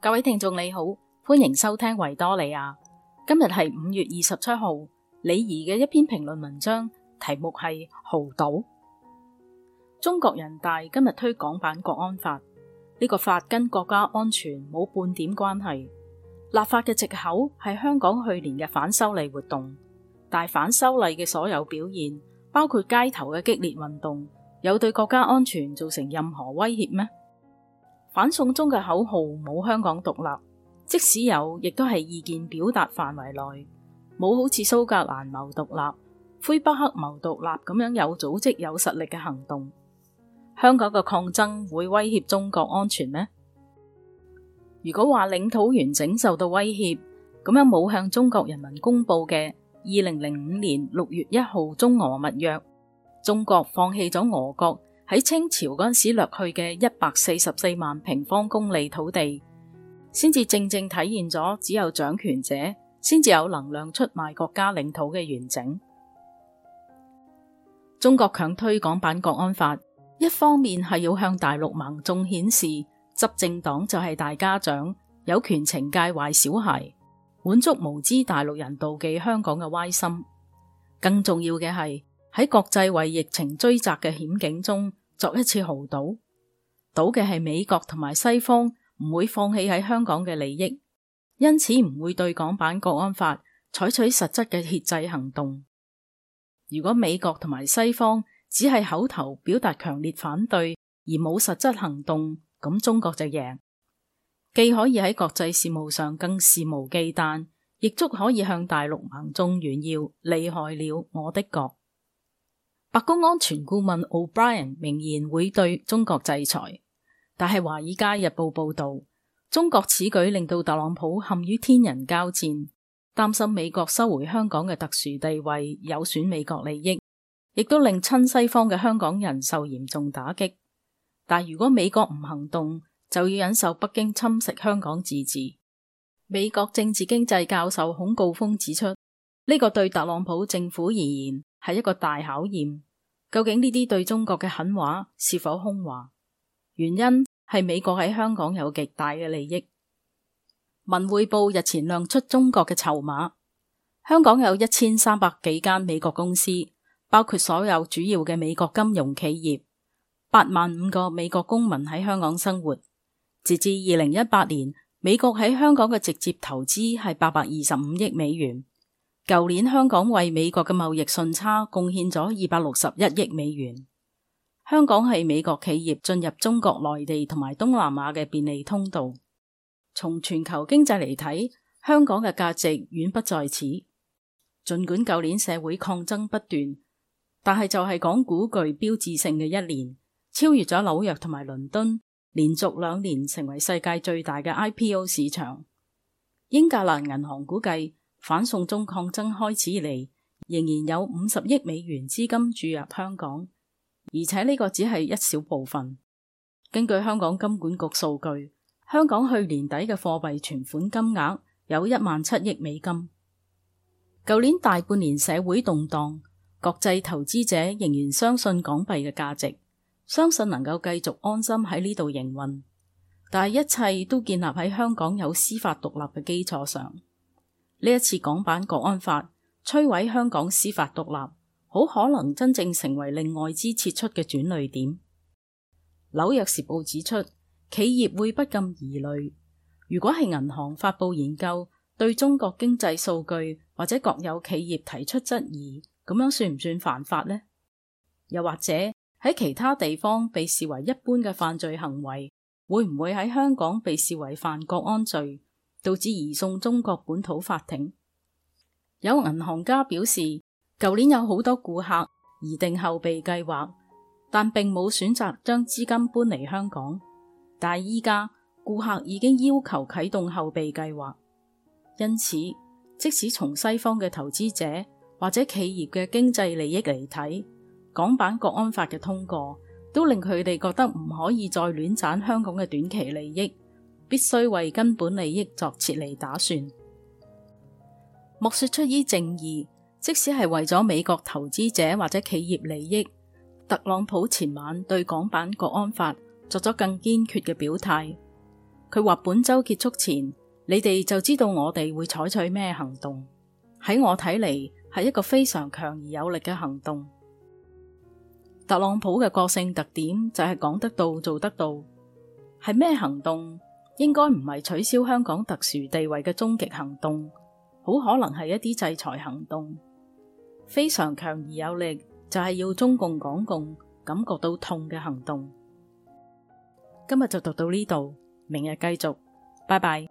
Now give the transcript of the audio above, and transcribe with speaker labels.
Speaker 1: 各位聽眾你好，歡迎收聽維多利亞。今日係五月二十七號，李怡嘅一篇評論文章，題目係《豪賭》。中國人大今日推港版國安法，呢個法跟國家安全冇半點關係。立法嘅藉口係香港去年嘅反修例活動，但反修例嘅所有表現，包括街頭嘅激烈運動，有對國家安全造成任何威脅咩？反送中嘅口號冇香港獨立，即使有，亦都係意見表達範圍內，冇好似蘇格蘭謀獨立、魁北克謀獨立咁樣有組織、有實力嘅行動。香港嘅抗爭會威脅中國安全咩？如果話領土完整受到威脅，咁樣冇向中國人民公布嘅二零零五年六月一號中俄密約，中國放棄咗俄國。喺清朝嗰陣時掠去嘅一百四十四萬平方公里土地，先至正正體現咗只有掌權者，先至有能量出賣國家領土嘅完整。中國強推港版國安法，一方面係要向大陸民眾顯示執政黨就係大家長，有權懲戒壞小孩，滿足無知大陸人妒忌香港嘅歪心。更重要嘅係，喺國際為疫情追責嘅險境中，作一次豪賭，賭嘅係美國同埋西方唔會放棄喺香港嘅利益，因此唔會對港版國安法採取實質嘅挾制行動。如果美國同埋西方只係口頭表達強烈反對而冇實質行動，咁中國就贏，既可以喺國際事務上更肆無忌憚，亦足可以向大陸民眾炫耀厲害了我的國。白宮安全顧問 O'Brien 明言會對中國制裁，但係《華爾街日報》報道，中國此舉令到特朗普陷於天人交戰，擔心美國收回香港嘅特殊地位有損美國利益，亦都令親西方嘅香港人受嚴重打擊。但如果美國唔行動，就要忍受北京侵蝕香港自治。美國政治經濟教授孔告峰指出，呢、這個對特朗普政府而言。係一個大考驗，究竟呢啲對中國嘅狠話是否空話？原因係美國喺香港有極大嘅利益。文匯報日前亮出中國嘅籌碼：香港有一千三百幾間美國公司，包括所有主要嘅美國金融企業，八萬五個美國公民喺香港生活。截至二零一八年，美國喺香港嘅直接投資係八百二十五億美元。舊年香港為美國嘅貿易順差貢獻咗二百六十一億美元。香港係美國企業進入中國內地同埋東南亞嘅便利通道。從全球經濟嚟睇，香港嘅價值遠不在此。儘管舊年社會抗爭不斷，但係就係港股具標誌性嘅一年，超越咗紐約同埋倫敦，連續兩年成為世界最大嘅 IPO 市場。英格蘭銀行估計。反送中抗爭開始以嚟，仍然有五十億美元資金注入香港，而且呢個只係一小部分。根據香港金管局數據，香港去年底嘅貨幣存款金額有一萬七億美金。舊年大半年社會動盪，國際投資者仍然相信港幣嘅價值，相信能夠繼續安心喺呢度營運，但係一切都建立喺香港有司法獨立嘅基礎上。呢一次港版國安法，摧毀香港司法獨立，好可能真正成為令外資撤出嘅轉捩點。紐約時報指出，企業會不禁疑慮：如果係銀行發佈研究，對中國經濟數據或者國有企業提出質疑，咁樣算唔算犯法呢？又或者喺其他地方被視為一般嘅犯罪行為，會唔會喺香港被視為犯國安罪？導致移送中國本土法庭。有銀行家表示，舊年有好多顧客移定後備計劃，但並冇選擇將資金搬離香港。但依家顧客已經要求啟動後備計劃，因此即使從西方嘅投資者或者企業嘅經濟利益嚟睇，港版國安法嘅通過都令佢哋覺得唔可以再亂賺香港嘅短期利益。必須為根本利益作撤離打算。莫說出於正義，即使係為咗美國投資者或者企業利益，特朗普前晚對港版國安法作咗更堅決嘅表態。佢話：本周結束前，你哋就知道我哋會採取咩行動。喺我睇嚟，係一個非常強而有力嘅行動。特朗普嘅個性特點就係講得到做得到，係咩行動？應該唔係取消香港特殊地位嘅終極行動，好可能係一啲制裁行動，非常強而有力，就係要中共港共感覺到痛嘅行動。今日就讀到呢度，明日繼續，拜拜。